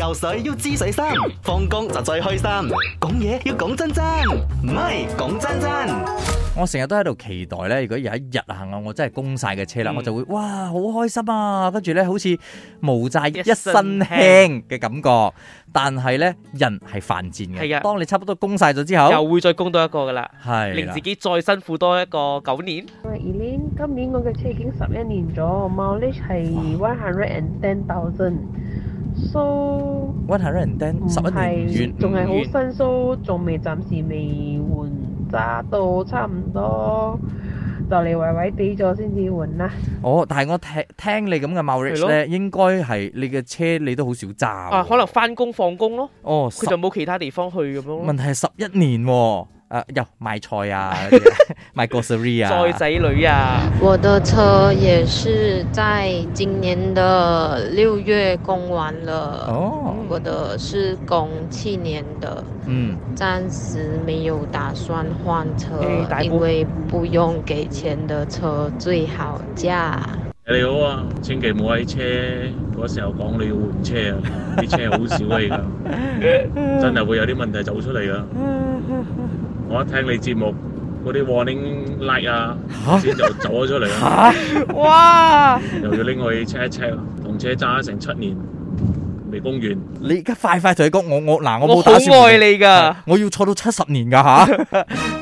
遊水要知水深，放工就最開心。講嘢要講真真，唔係講真真。我成日都喺度期待咧，如果有一日啊，行我真係供晒嘅車啦，我就會哇好開心啊！跟住咧，好似無債一身輕嘅感覺。但係咧，人係犯賤嘅。係啊，當你差唔多供晒咗之後，又會再供多一個噶啦，係令自己再辛苦多一個九年。喂，今年我嘅車已經十一年咗，mileage 係 one hundred and ten thousand。蘇，問題都唔掟，十一年仲係好新蘇，仲未暫時未換，揸到差唔多，就嚟壞壞哋咗先至換啦。哦，但係我聽聽你咁嘅貌樣咧，的應該係你嘅車你都好少揸。啊，可能翻工放工咯。哦，佢就冇其他地方去咁樣。問題係十一年。誒，又買菜啊，買 grocery 仔女啊。我的車也是在今年的六月供完了。Oh、我的是供去年的。嗯，暫時沒有打算換車， 嗯、因為不用給錢的車最好揸。你好啊，千祈唔好喺車嗰時候講你要換車啊，啲車好少啊，而家真係會有啲問題走出嚟噶。我一聽你節目嗰啲 warning light 啊，先就走咗出嚟啦。吓哇、啊！又要拎我去車一車，同車揸成七年未供完。你而家快快退係我，我嗱，我冇打算。我好愛你噶，我要坐到七十年噶吓。啊